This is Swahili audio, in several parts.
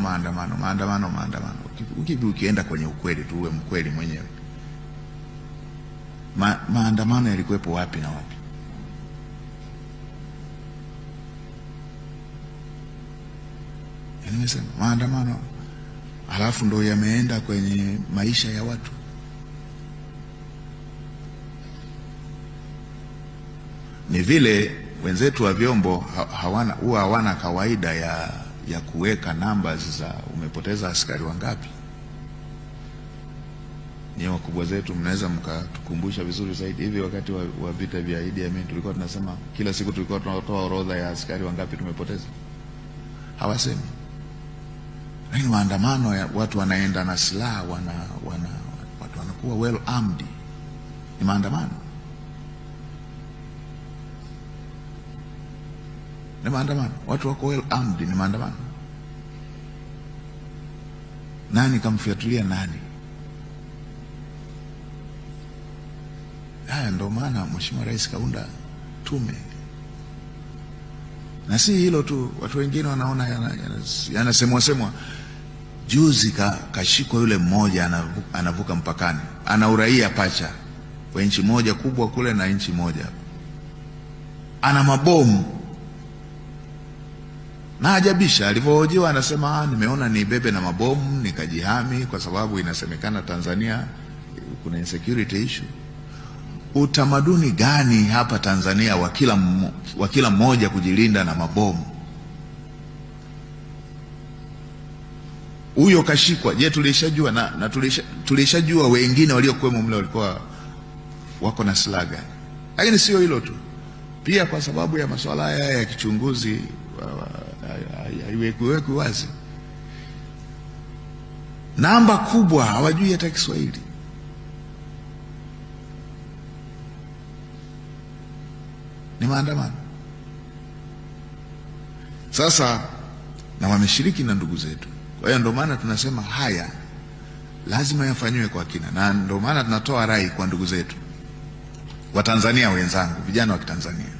maandamano, maandamano, maandamano. Ukivi ukienda kwenye ukweli tu, uwe mkweli mwenyewe, ma, maandamano yalikuwepo wapi na wapi? Nimesema maandamano halafu ndo yameenda kwenye maisha ya watu. Ni vile wenzetu wa vyombo huwa hawana kawaida ya ya kuweka namba za umepoteza askari wangapi. Ni wakubwa zetu, mnaweza mkatukumbusha vizuri zaidi. Hivi wakati wa, wa vita vya Idi Amin tulikuwa tunasema kila siku tulikuwa tunatoa orodha ya askari wangapi tumepoteza, hawasemi. Lakini maandamano ya watu wanaenda na silaha wana, wana, watu wanakuwa well armed, ni maandamano ni maandamano, watu wako well armed, ni maandamano. Nani kamfiatulia nani? Haya ndo maana Mheshimiwa Rais kaunda tume, na si hilo tu, watu wengine wanaona yanasemwa semwa. Juzi kashikwa yule mmoja anavuka mpakani, ana uraia pacha kwa nchi moja kubwa kule na nchi moja, ana mabomu Naajabisha alivyohojiwa anasema, nimeona bebe na mabomu nikajihami, kwa sababu inasemekana Tanzania kuna insecurity issue. Utamaduni gani hapa Tanzania wa kila wa kila mmoja kujilinda na mabomu? Huyo kashikwa. Je, tulishajua na, na tulishajua wengine waliokuwemo mle walikuwa wako na silaha gani? Lakini sio hilo tu, pia kwa sababu ya masuala haya ya kichunguzi wa, wa, haiwekiweki wazi. Namba kubwa hawajui hata Kiswahili. Ni maandamano sasa, na wameshiriki na ndugu zetu. Kwa hiyo ndio maana tunasema haya lazima yafanyiwe kwa kina, na ndio maana tunatoa rai kwa ndugu zetu Watanzania wenzangu, vijana wa Kitanzania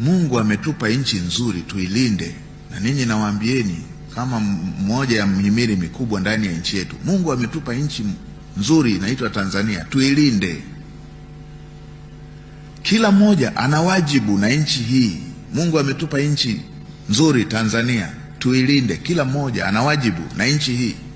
Mungu ametupa nchi nzuri tuilinde, na ninyi nawaambieni kama mmoja ya mhimili mikubwa ndani ya nchi yetu. Mungu ametupa nchi nzuri inaitwa Tanzania, tuilinde. Kila mmoja ana wajibu na nchi hii. Mungu ametupa nchi nzuri Tanzania, tuilinde. Kila mmoja ana wajibu na nchi hii.